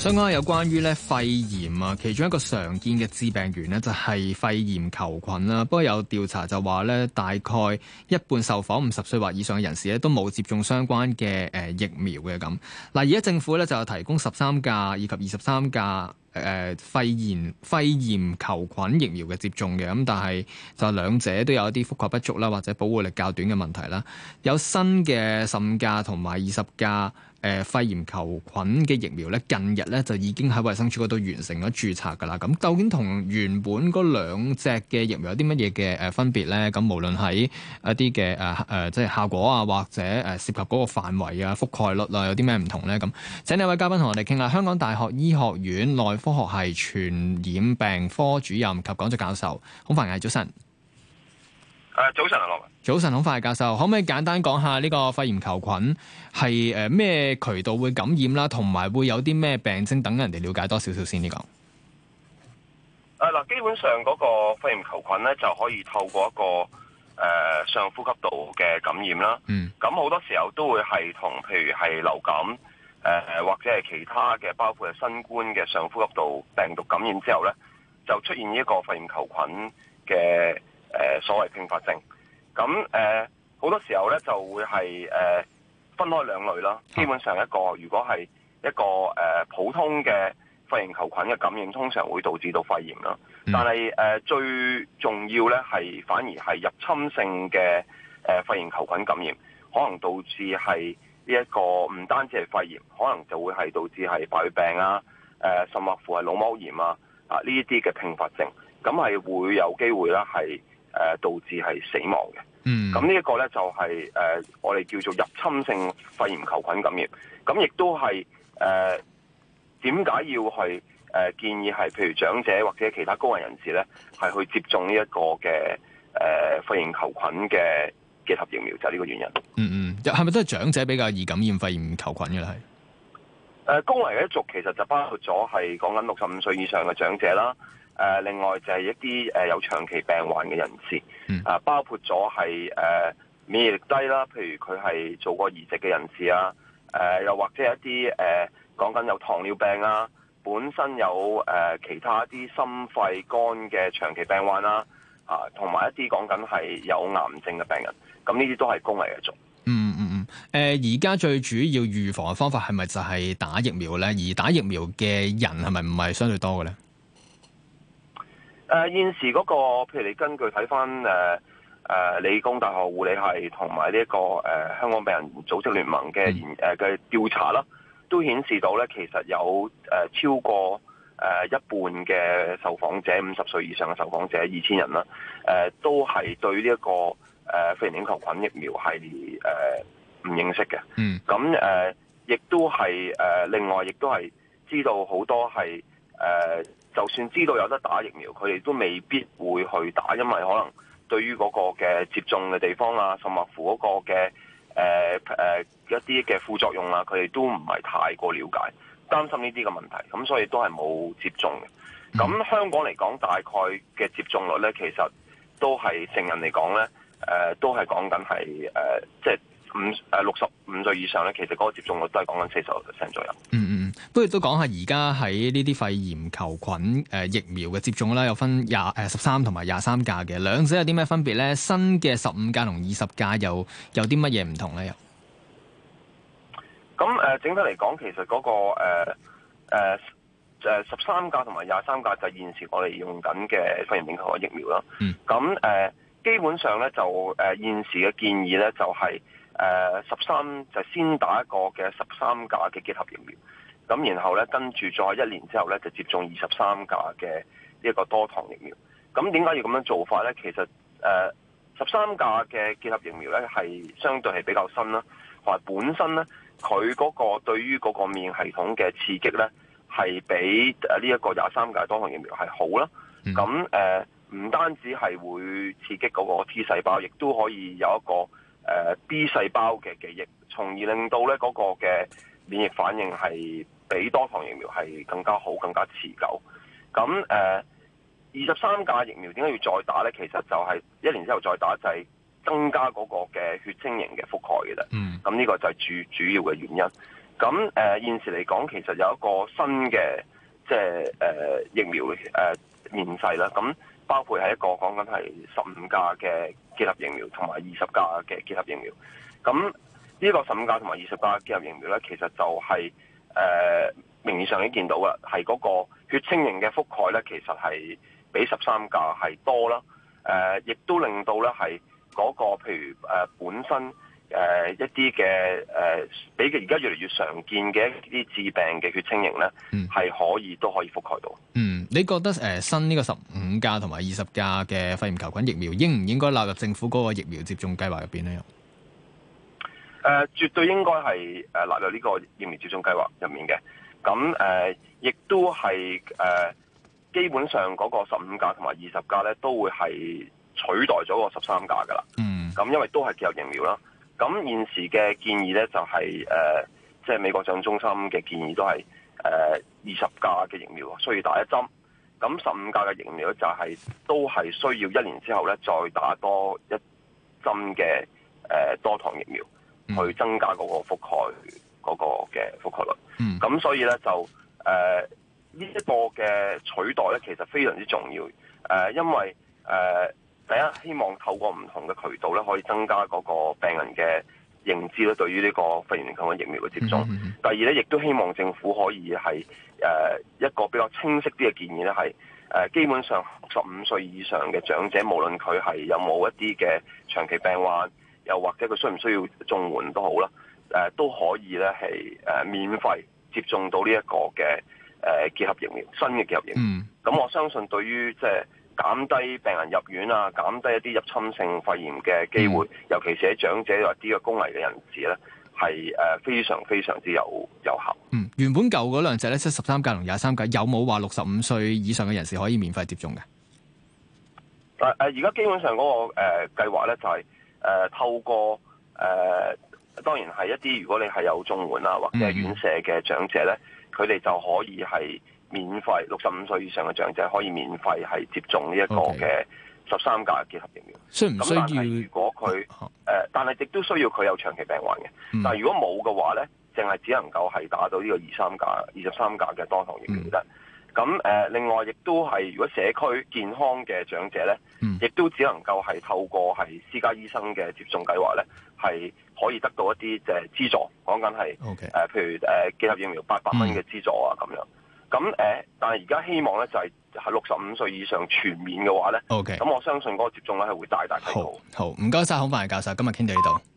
相關有關於咧肺炎啊，其中一個常見嘅致病源咧就係肺炎球菌啦。不過有調查就話咧，大概一半受訪五十歲或以上嘅人士咧都冇接種相關嘅誒疫苗嘅咁。嗱，而家政府咧就有提供十三價以及二十三價誒肺炎肺炎球菌疫苗嘅接種嘅咁，但係就兩者都有一啲覆蓋不足啦，或者保護力較短嘅問題啦。有新嘅十五價同埋二十價。誒、呃、肺炎球菌嘅疫苗咧，近日咧就已經喺衛生署嗰度完成咗註冊㗎啦。咁究竟同原本嗰兩隻嘅疫苗有啲乜嘢嘅誒分別咧？咁無論喺一啲嘅誒誒，即係效果啊，或者誒涉及嗰個範圍啊、覆蓋率啊，有啲咩唔同咧？咁請兩位嘉賓同我哋傾下。香港大學醫學院內科學系傳染病科主任及講座教授孔繁毅早晨。誒，早晨啊，羅文。早晨，好快，教授，可唔可以簡單講下呢個肺炎球菌係誒咩渠道會感染啦，同埋會有啲咩病徵，等人哋了解多少少先呢個？誒，嗱，基本上嗰個肺炎球菌咧就可以透過一個誒、呃、上呼吸道嘅感染啦。嗯。咁好多時候都會係同譬如係流感誒、呃、或者係其他嘅，包括係新冠嘅上呼吸道病毒感染之後咧，就出現呢一個肺炎球菌嘅。誒所謂併發症，咁誒好多時候咧就會係誒、呃、分開兩類啦。基本上一個，如果係一個誒、呃、普通嘅肺炎球菌嘅感染，通常會導致到肺炎啦。但係誒、呃、最重要咧，係反而係入侵性嘅、呃、肺炎球菌感染，可能導致係呢一個唔單止係肺炎，可能就會係導致係敗血病啊，誒、呃、甚或乎係腦膜炎啊，啊呢啲嘅併發症，咁係會有機會啦係。誒、呃，導致係死亡嘅。咁、嗯、呢一個咧就係、是、誒、呃，我哋叫做入侵性肺炎球菌感染，咁亦都係誒，點、呃、解要係誒、呃、建議係譬如長者或者其他高危人，人士咧，係去接種呢一個嘅誒、呃、肺炎球菌嘅結合疫苗，就係、是、呢個原因。嗯嗯，係咪都係長者比較易感染肺炎球菌嘅咧？係。誒高危嘅一族其實就包括咗係講緊六十五歲以上嘅長者啦，誒、呃、另外就係一啲誒、呃、有長期病患嘅人士，啊、呃、包括咗係誒免疫力低啦，譬如佢係做過移植嘅人士啊，誒、呃、又或者一啲誒講緊有糖尿病啊，本身有誒、呃、其他啲心肺肝嘅長期病患啦，啊同埋一啲講緊係有癌症嘅病人，咁呢啲都係高危嘅族。誒、呃，而家最主要預防嘅方法係咪就係打疫苗咧？而打疫苗嘅人係咪唔係相對多嘅咧？誒、呃，現時嗰、那個，譬如你根據睇翻，誒誒，理工大學護理系同埋呢一個誒、呃、香港病人組織聯盟嘅誒嘅調查啦，都顯示到咧，其實有誒、呃、超過誒、呃、一半嘅受訪者五十歲以上嘅受訪者二千人啦，誒、呃、都係對呢、這、一個誒肺炎鏈球菌疫苗系列誒。呃唔認識嘅，咁誒亦都係誒、呃、另外，亦都係知道好多係誒、呃，就算知道有得打疫苗，佢哋都未必會去打，因為可能對於嗰個嘅接種嘅地方啊，甚或乎嗰個嘅誒、呃呃、一啲嘅副作用啊，佢哋都唔係太過了解，擔心呢啲嘅問題，咁所以都係冇接種嘅。咁香港嚟講，大概嘅接種率咧，其實都係成人嚟講咧，誒、呃、都係講緊係誒即係。五誒六十五歲以上咧，其實嗰個接種率都係講緊四十 percent 左右。嗯嗯，不如都講下而家喺呢啲肺炎球菌誒、呃、疫苗嘅接種啦，有分廿誒十三同埋廿三價嘅兩者有啲咩分別咧？新嘅十五價同二十價有有啲乜嘢唔同咧？又咁誒，整體嚟講，其實嗰、那個誒誒誒十三價同埋廿三價就係現時我哋用緊嘅肺炎球菌疫苗咯。咁、嗯、誒、呃，基本上咧就誒、呃、現時嘅建議咧就係、是。誒十三就先打一個嘅十三價嘅結合疫苗，咁然後咧跟住再一年之後咧就接種二十三價嘅一個多糖疫苗。咁點解要咁樣做法咧？其實誒十三價嘅結合疫苗咧係相對係比較新啦，同埋本身咧佢嗰個對於嗰個免疫系統嘅刺激咧係比誒呢一個廿三價多糖疫苗係好啦。咁誒唔單止係會刺激嗰個 T 細胞，亦都可以有一個。誒、呃、B 細胞嘅記憶，從而令到咧嗰、那個嘅免疫反應係比多糖疫苗係更加好、更加持久。咁誒二十三價疫苗點解要再打咧？其實就係一年之後再打，就係、是、增加嗰個嘅血清型嘅覆蓋嘅啦。嗯。咁呢個就係主主要嘅原因。咁誒、呃、現時嚟講，其實有一個新嘅即係疫苗誒面、呃、世啦。咁。包括係一個講緊係十五價嘅結合疫苗，同埋二十價嘅結合疫苗。咁呢個十五價同埋二十價結合疫苗咧，其實就係、是、誒、呃、名義上已經見到噶，係嗰個血清型嘅覆蓋咧，其實係比十三價係多啦。誒、呃，亦都令到咧係嗰個譬如誒、呃、本身誒、呃、一啲嘅誒比而家越嚟越常見嘅一啲致病嘅血清型咧，係可以、嗯、都可以覆蓋到。嗯。你覺得誒、呃、新呢個十五價同埋二十價嘅肺炎球菌疫苗應唔應該納入政府嗰個疫苗接種計劃入邊呢？誒、呃，絕對應該係誒納入呢個疫苗接種計劃入面嘅。咁誒，亦、呃、都係誒、呃，基本上嗰個十五價同埋二十價咧都會係取代咗個十三價噶啦。嗯。咁因為都係結合疫苗啦。咁現時嘅建議咧就係、是、誒，即、呃、係、就是、美國疾控中心嘅建議都係誒二十價嘅疫苗所以打一針。咁十五價嘅疫苗就係、係、都係需要一年之後咧，再打多一針嘅、呃、多糖疫苗，去增加嗰個覆蓋嗰個嘅覆蓋率。咁、嗯、所以咧就呢、呃、一個嘅取代咧，其實非常之重要。呃、因為、呃、第一希望透過唔同嘅渠道咧，可以增加嗰個病人嘅認知咧，對於呢個肺炎球菌疫苗嘅接種，第二咧亦都希望政府可以係誒、呃、一個比較清晰啲嘅建議咧，係、呃、誒基本上五十歲以上嘅長者，無論佢係有冇一啲嘅長期病患，又或者佢需唔需要綜援都好啦，誒、呃、都可以咧係誒免費接種到呢一個嘅誒、呃、結合疫苗，新嘅結合疫苗。咁、嗯、我相信對於即係。就是減低病人入院啊，減低一啲入侵性肺炎嘅機會，嗯，尤其是喺長者或啲嘅高危嘅人士咧，係誒非常非常之有有效。嗯，原本舊嗰兩隻咧七十三價、同廿三價，有冇話六十五歲以上嘅人士可以免費接種嘅？誒誒，而家基本上嗰、嗰個誒計劃咧就係、是、誒、呃、透過誒、呃，當然係一啲如果你係有綜援啊，或者院舍嘅長者咧，佢、嗯、哋就可以係。免費六十五歲以上嘅長者可以免費係接種呢一個嘅十三價結合疫苗。需唔需要但係如果佢誒、啊，但係亦都需要佢有長期病患嘅、嗯。但係如果冇嘅話咧，淨係只能夠係打到呢個二三價、二十三價嘅多糖疫苗得。咁、嗯、誒、呃，另外亦都係如果社區健康嘅長者咧，亦、嗯、都只能夠係透過係私家醫生嘅接種計劃咧，係可以得到一啲誒、呃、資助，講緊係誒，譬如誒、呃、結合疫苗八百蚊嘅資助啊咁、嗯、樣。咁誒、呃，但係而家希望咧就係喺六十五歲以上全面嘅話咧，OK。咁我相信嗰個接種呢係會大大提高。好，唔該晒，孔繁毅教授，今日傾到呢度。